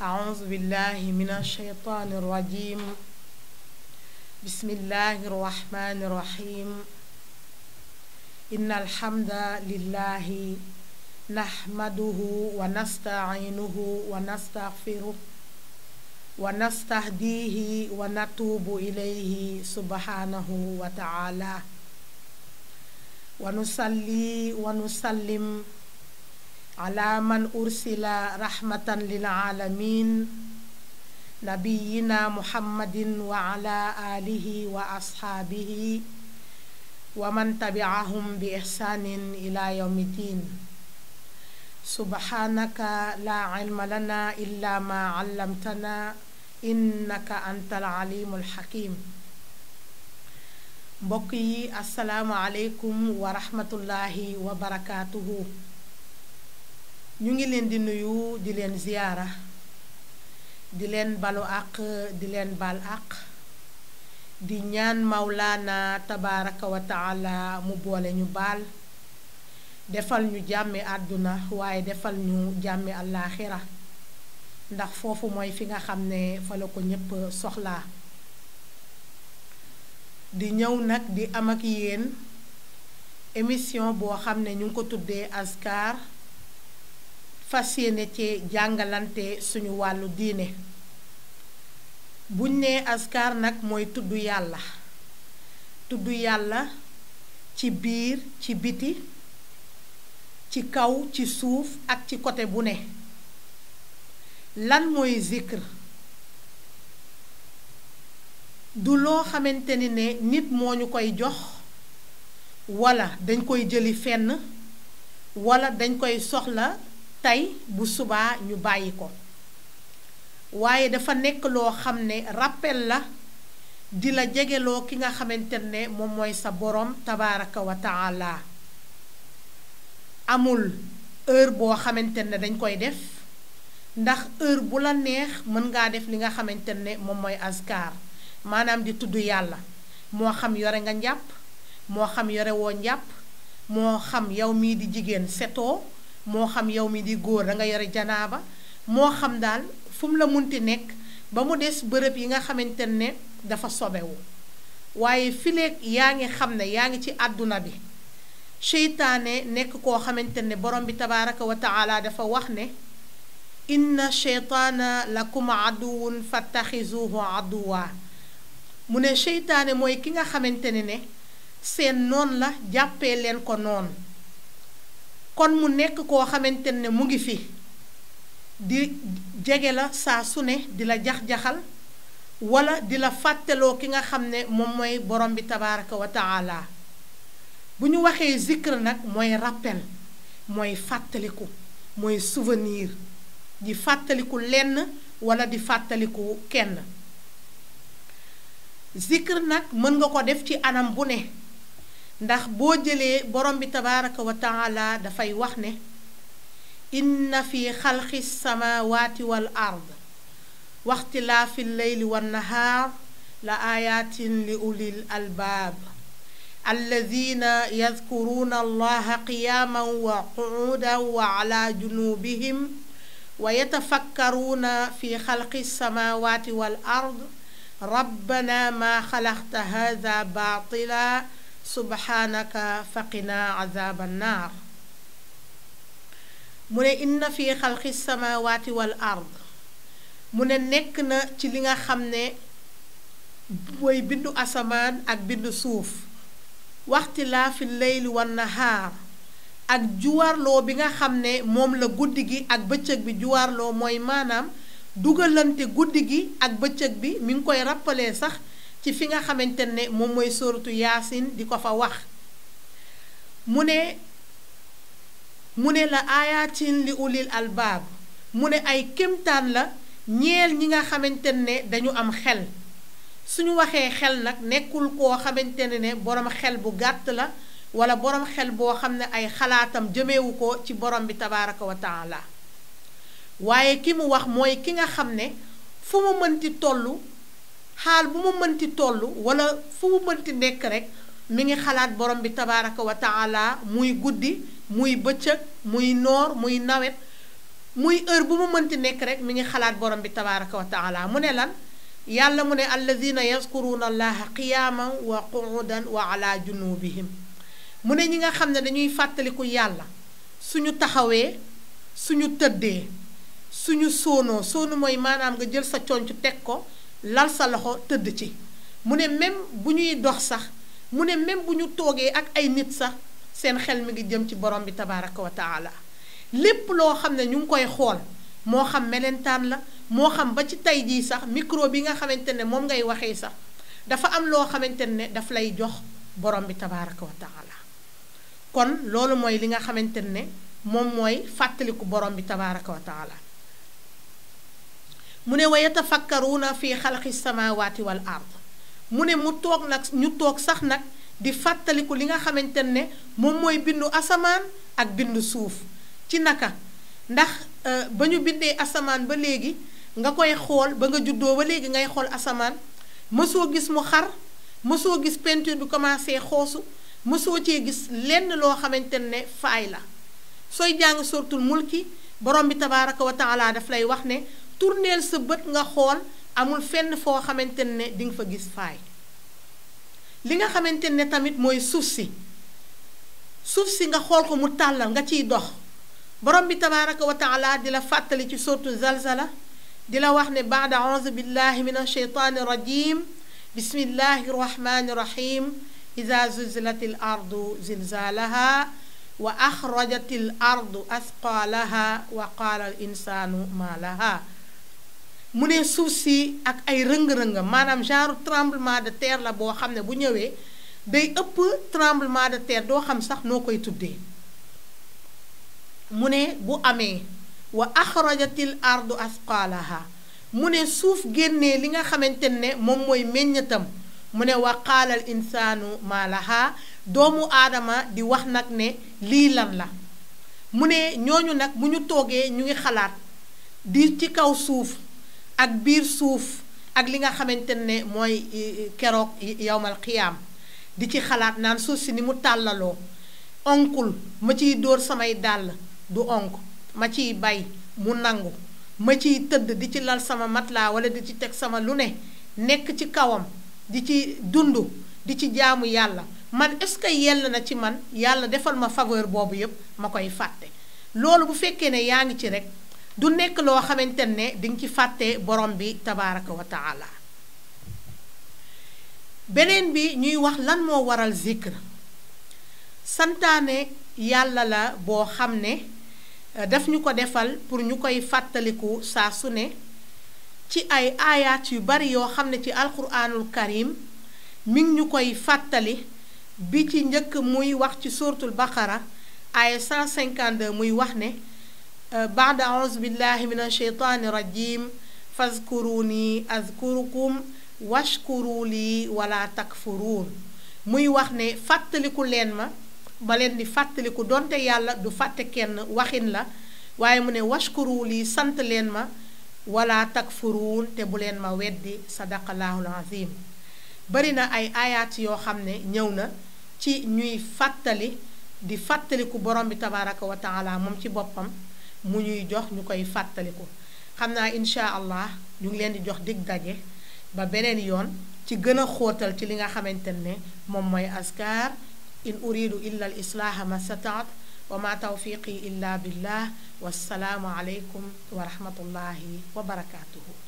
أعوذ بالله من الشيطان الرجيم بسم الله الرحمن الرحيم إن الحمد لله نحمده ونستعينه ونستغفره ونستهديه ونتوب إليه سبحانه وتعالى ونصلي ونسلم ala man ursila rahmatan lil alamin nabiyina muhammadin wa ala alihi wa ashaabihi wa man tabi'ahum bi ihsanin ila yawmiddin subhanaka la ilma lana illa ma 'allamtana innaka antal alimul hakim mbokk yi asalaamu aleykum wa rahmatullahi wa barakaatuhu ñu ngi leen di nuyu di leen ziyaara di leen balu àq di leen bal àq di ñaan mawlaana tabaaraka wa mu boole ñu baal defal ñu jàmmi àdduna waaye defal ñu jàmmi àllaaxira ndax foofu mooy fi nga xam ne fa la ko ñépp soxlaa di ñëw nag di am ak yéen émission boo xam ne ñu ngi ko tuddee askar fas yéene ci jàngalante suñu wàllu diine buñ nee askar nag mooy tudd yàlla tudd yàlla ci biir ci biti ci kaw ci suuf ak ci côté bu ne lan mooy zikr du loo xamante ni ne nit moo ñu koy jox walla dañ koy jëli fenn walla dañ koy soxla tey bu subaa ñu bàyyi ko waaye dafa nekk loo xam ne rappel la di la jegeloo ki nga xamante ne moom mooy sa boroom tabaaraka wa taala amul heure boo xamante ne dañ koy def ndax heure bu la neex mën ngaa def li nga xamante ne moom mooy askar maanaam di tudd yàlla moo xam yore nga njàpp moo xam yore woo njàpp moo xam yow mii di jigéen setoo moo xam yow mi di góor da nga yore janaaba moo xam daal fum mu la munti nekk ba mu des bërëb yi nga xamante ne dafa sobewu waaye fileeg yaa ngi xam ne yaa ngi ci àdduna bi seytaane nekk koo xamante ne borom bi tabaaraka wa dafa wax ne inna seytaana lakum aduwun fattaxizuhu aduwa mu ne seytaane mooy ki nga xamante ne ne seen noon la jàppee leen ko noonu kon mu nekk koo xamante ne mu ngi fi di jege la saa su ne di la jax-jaxal wala di la fàttaloo ki nga xam ne moom mooy borom bi tabaraka wa bu ñu waxee zikr nag mooy rappel mooy fàttaliku mooy suvenir di fàttaliku lenn wala di fàttaliku kenn zikr nag mën nga ko def ci anam bu ne ndax boo jëlee borom bi tabaraka wa taala dafay wax ne inna fi xalqi samawati wal ard waxtilaafi leyli wan nahaar la aayaatin li ulil albaab alladina yadkuruuna allaha qiyaaman wa quudan wa ala junubihim wa yatafakkaruuna fi xalqi samawati wal ard rabbana ma xalaqta hada baatila subhaanaka faqina azaaba naar mu ne na fi xalqi samawaati wal ard mu ne nekk na ci li nga xam ne mooy bindu asamaan ak bindu suuf waxtilaafi leyli wan nahaar ak juwaarloo bi nga xam ne moom la guddi gi ak bëccëg bi juwaarloo mooy maanaam dugalante guddi gi ak bëccëg bi mi ngi koy ràppalee sax ci fi nga xamante ne moom mooy sóoratu yaasin di ko fa wax mu ne mu ne la aayaatin li ulil albaab mu ne ay kémtaan la ñeel ñi nga xamante ne dañu am xel suñu waxee xel nag nekkul koo xamante ne ne boroom xel bu gàtt la wala boroom xel boo xam ne ay xalaatam jëmeewu ko ci borom bi tabaaraka wa waaye ki mu wax mooy ki nga xam ne fu mu mënti tollu xaal bu mu mënti toll walla fu mu mënti nekk rekk mi ngi xalaat borom bi tabaraka wa taala muy guddi muy bëccëg muy noor muy nawet muy heure bu mu mënti nekk rek mi ngi xalaat borom bi tabaraka wa taala mu ne lan yàlla mu ne alladina yazkuruuna allaha qiyaaman wa quudan wa ala junubihim mu ne ñi nga xam ne dañuy fàttaliku yàlla suñu taxawee suñu tëddee suñu soonoo soonu mooy maanaam nga jël sa conc teg ko lal sa loxo tëdd ci mu ne même bu ñuy dox sax mu ne même bu ñu toogee ak ay nit sax seen xel mi ngi jëm ci borom bi tabaraka wa taala lépp loo xam ne ñu ngi koy xool moo xam mellentaan la moo xam ba ci tey jii sax micro bi nga xamante ne moom ngay waxee sax dafa am loo xamante ne daf lay jox borom bi tabaraka wa taala kon loolu mooy li nga xamante ne moom mooy fàttaliku borom bi tabaraka wa taala mu ne wa yatafakkaruuna fi xalqi samaawaati wal ard mu ne mu toog nag ñu toog sax nag di fàttaliku li nga xamante ne moom mooy bindu asamaan ak bindu suuf ci naka ndax euh, ba ñu bindee asamaan ba léegi nga koy xool ba nga juddoo ba léegi ngay xool asamaan mësoo gis mu xar mësoo gis peinture bi commencé xoosu mësoo cee gis lenn loo xamante ne faay la sooy jàng sortul mulki borom bi tabaaraka wa daf lay wax ne tourneel sa bët nga xool amul fenn foo xamante ne di nga fa gis faay li nga xamante ne tamit mooy suuf si suuf si nga xool ko mu tàllal nga ci dox borom bi tabaaraka wa taala di la fàttali ci surtu zalzala di la wax ne baada auzu billahi min asheytaani rajim bismillahi rahmaani rahim ida zulzilati l ardu zilzaalaha wa axrajat l ardu asqaalaha wa qaala al insaanu maa laha mu ne suuf si ak ay rëng-rëng maanaam genre tremblement de terre la boo xam ne bu ñëwee day ëpp tremblement de terre doo xam sax noo koy tuddee mu ne bu amee wa axrajatil ardu asqaalaha mu ne suuf génnee li nga xamante ne moom mooy meññatam mu ne wa qaalal insaanu maa doomu aadama di wax nag ne lii lan la mu ne ñooñu nag bu ñu toogee ñu ngi xalaat di ci kaw suuf ak biir suuf ak li nga xamante ne mooy keroog yowmal xiyaam di ci xalaat naan suuf si ni mu tàllaloo onkul ma ciy dóor samay dàll du onk ma ciy bay mu nangu ma ciy tëdd di ci lal sama matelas wala di ci teg sama lu ne nekk ci kawam di ci dund di ci jaamu yàlla man est-ce que yell na ci man yàlla defal ma faveur boobu yépp ma koy fàtte loolu bu fekkee ne yaa ngi ci rek du nekk loo xamante ne dinga ci fàtte borom bi tabaaraka wa taala beneen bi ñuy wax lan moo waral zikr santaane yàlla la boo xam ne euh, daf ñu ko defal pour ñu koy fàttaliku saa su ne ci ay aayaat yu bari yoo xam ne ci alquranul karim mi ngi ñu koy fàttali bi ci njëkk muy wax ci suratul baqara aaya 152 muy wax ne Eh, baada aouzu billahi min asheytaani rajim fazkuruni azkurukum washkuru lii wala takfuruun muy wax ne fàttaliku leen ma ba leen di fàttaliku donte yàlla du fàtte kenn waxin la waaye mu ne washkuru lii sant leen ma wala takfuruun te bu leen ma weddi sadaqallahul azim bari na ay ayaat yoo xam ne ñëw na ci ñuy fàttali di fàttaliku borom bi tabaraka wa taala moom ci boppam mu ñuy jox ñu koy fàttaliku xam naa incha allah ñu ngi leen di jox dig daje ba beneen yoon ci gën a xóotal ci li nga xamante ne moom mooy askar in uridu illa al islaaha ma stataat wa ma tawfiqi illa billah aleykum wa rahmatullahi wa barakaatuhu